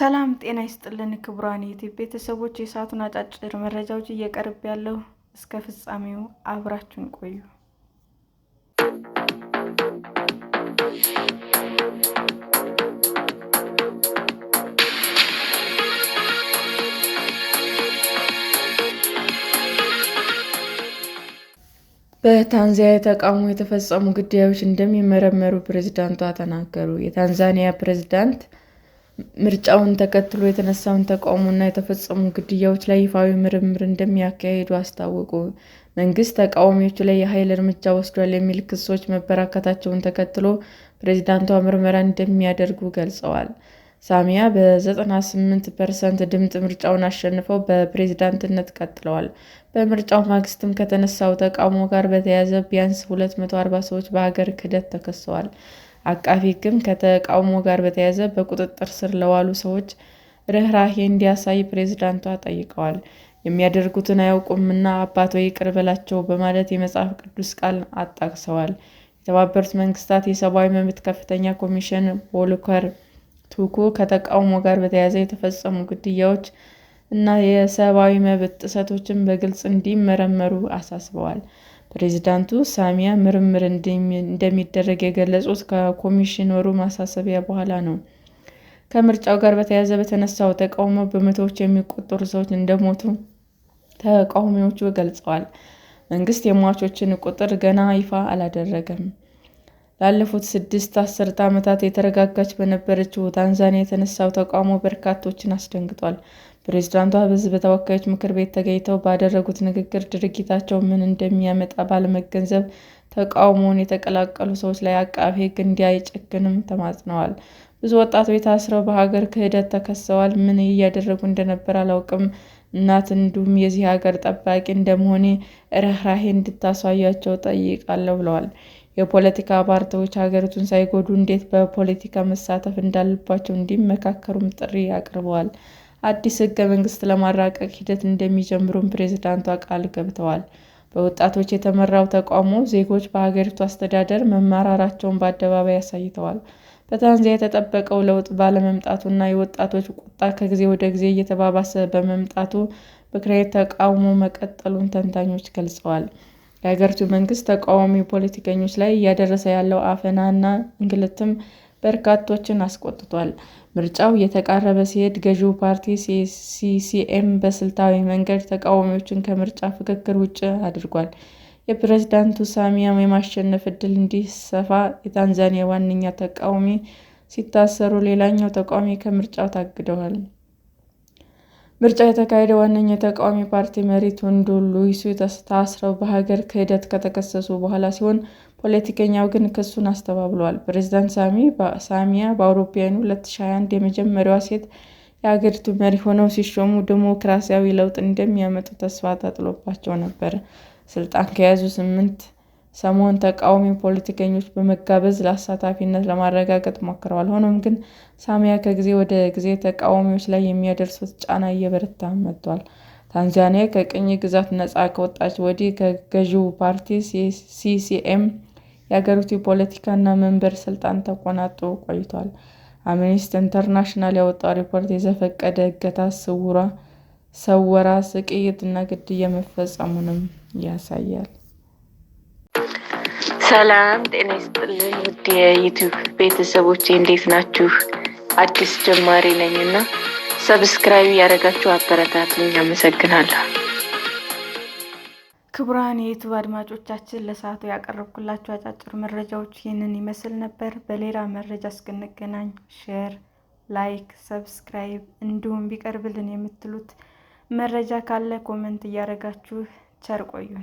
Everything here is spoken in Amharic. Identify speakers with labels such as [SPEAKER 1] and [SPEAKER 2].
[SPEAKER 1] ሰላም ጤና ይስጥልን ክቡራን ዩቲዩብ ቤተሰቦች፣ የሰዓቱን አጫጭር መረጃዎች እየቀርብ ያለው እስከ ፍጻሜው አብራችን ቆዩ። በታንዛኒያ የተቃውሞ የተፈጸሙ ግድያዎች እንደሚመረመሩ ፕሬዝዳንቷ ተናገሩ። የታንዛኒያ ፕሬዝዳንት ምርጫውን ተከትሎ የተነሳውን ተቃውሞ የተፈጸሙ ግድያዎች ላይ ይፋዊ ምርምር እንደሚያካሂዱ አስታወቁ። መንግስት ተቃዋሚዎቹ ላይ የኃይል እርምጃ ወስዷል የሚል ክሶች መበራከታቸውን ተከትሎ ፕሬዚዳንቷ ምርመራ እንደሚያደርጉ ገልጸዋል። ሳሚያ በ98 ፐርሰንት ድምፅ ምርጫውን አሸንፈው በፕሬዝዳንትነት ቀጥለዋል። በምርጫው ማግስትም ከተነሳው ተቃውሞ ጋር በተያያዘ ቢያንስ 240 ሰዎች በሀገር ክህደት ተከሰዋል። አቃፊ ሕግም ከተቃውሞ ጋር በተያያዘ በቁጥጥር ስር ለዋሉ ሰዎች ርኅራሄ እንዲያሳይ ፕሬዝዳንቷ ጠይቀዋል። የሚያደርጉትን አያውቁምና አባት ወይ ይቅር በላቸው በማለት የመጽሐፍ ቅዱስ ቃል አጣቅሰዋል። የተባበሩት መንግስታት የሰብአዊ መብት ከፍተኛ ኮሚሽን ቮልከር ቱኩ ከተቃውሞ ጋር በተያያዘ የተፈጸሙ ግድያዎች እና የሰብአዊ መብት ጥሰቶችን በግልጽ እንዲመረመሩ አሳስበዋል። ፕሬዚዳንቱ ሳሚያ ምርምር እንደሚደረግ የገለጹት ከኮሚሽነሩ ማሳሰቢያ በኋላ ነው። ከምርጫው ጋር በተያያዘ በተነሳው ተቃውሞ በመቶዎች የሚቆጠሩ ሰዎች እንደሞቱ ተቃዋሚዎቹ ገልጸዋል። መንግስት የሟቾችን ቁጥር ገና ይፋ አላደረገም። ላለፉት ስድስት አስርት ዓመታት የተረጋጋች በነበረችው ታንዛኒያ የተነሳው ተቃውሞ በርካቶችን አስደንግጧል። ፕሬዝዳንቷ በሕዝብ ተወካዮች ምክር ቤት ተገኝተው ባደረጉት ንግግር ድርጊታቸው ምን እንደሚያመጣ ባለመገንዘብ ተቃውሞውን የተቀላቀሉ ሰዎች ላይ አቃቤ ሕግ እንዲያይጨክንም ተማጽነዋል። ብዙ ወጣቶች ታስረው በሀገር ክህደት ተከሰዋል። ምን እያደረጉ እንደነበር አላውቅም እናት እንዲሁም የዚህ ሀገር ጠባቂ እንደመሆኔ ርኅራኄ እንድታሳያቸው ጠይቃለሁ ብለዋል። የፖለቲካ ፓርቲዎች ሀገሪቱን ሳይጎዱ እንዴት በፖለቲካ መሳተፍ እንዳለባቸው እንዲመካከሩም ጥሪ አቅርበዋል። አዲስ ህገ መንግስት ለማራቀቅ ሂደት እንደሚጀምሩም ፕሬዝዳንቷ ቃል ገብተዋል። በወጣቶች የተመራው ተቃውሞ ዜጎች በሀገሪቱ አስተዳደር መመራራቸውን በአደባባይ አሳይተዋል። በታንዛኒያ የተጠበቀው ለውጥ ባለመምጣቱና የወጣቶች ቁጣ ከጊዜ ወደ ጊዜ እየተባባሰ በመምጣቱ ምክንያት ተቃውሞ መቀጠሉን ተንታኞች ገልጸዋል። የሀገሪቱ መንግስት ተቃዋሚ ፖለቲከኞች ላይ እያደረሰ ያለው አፈና እና እንግልትም በርካቶችን አስቆጥቷል። ምርጫው እየተቃረበ ሲሄድ ገዢው ፓርቲ ሲሲኤም በስልታዊ መንገድ ተቃዋሚዎችን ከምርጫ ፍክክር ውጭ አድርጓል። የፕሬዚዳንቱ ሳሚያ የማሸነፍ እድል እንዲሰፋ የታንዛኒያ ዋነኛ ተቃዋሚ ሲታሰሩ፣ ሌላኛው ተቃዋሚ ከምርጫው ታግደዋል። ምርጫ የተካሄደ ዋነኛ የተቃዋሚ ፓርቲ መሪ ቱንዱ ሉዊሱ ታስረው በሀገር ክህደት ከተከሰሱ በኋላ ሲሆን ፖለቲከኛው ግን ክሱን አስተባብለዋል። ፕሬዚዳንት ሳሚያ በአውሮፓውያኑ 2021 የመጀመሪያዋ ሴት የሀገሪቱ መሪ ሆነው ሲሾሙ ዲሞክራሲያዊ ለውጥ እንደሚያመጡ ተስፋ ተጥሎባቸው ነበር። ስልጣን ከያዙ ስምንት ሰሞን ተቃዋሚ ፖለቲከኞች በመጋበዝ ለአሳታፊነት ለማረጋገጥ ሞክረዋል። ሆኖም ግን ሳሚያ ከጊዜ ወደ ጊዜ ተቃዋሚዎች ላይ የሚያደርሱት ጫና እየበረታ መጥቷል። ታንዛኒያ ከቅኝ ግዛት ነፃ ከወጣች ወዲህ ከገዢው ፓርቲ ሲሲኤም የአገሪቱ ፖለቲካና መንበር ስልጣን ተቆናጦ ቆይቷል። አምነስቲ ኢንተርናሽናል ያወጣው ሪፖርት የዘፈቀደ እገታ፣ ስውራ፣ ሰወራ፣ ስቅይት እና ግድያ መፈጸሙንም ያሳያል።
[SPEAKER 2] ሰላም ጤና ይስጥልን ውድ የዩቱብ ቤተሰቦቼ እንዴት ናችሁ? አዲስ ጀማሪ ነኝ እና ሰብስክራይብ ያደረጋችሁ አበረታትኝ፣ አመሰግናለሁ።
[SPEAKER 1] ክቡራን የዩቱብ አድማጮቻችን ለሰዓቱ ያቀረብኩላችሁ አጫጭር መረጃዎች ይህንን ይመስል ነበር። በሌላ መረጃ እስክንገናኝ ሼር፣ ላይክ፣ ሰብስክራይብ እንዲሁም ቢቀርብልን የምትሉት መረጃ ካለ ኮመንት እያደረጋችሁ ቸር ቆዩን።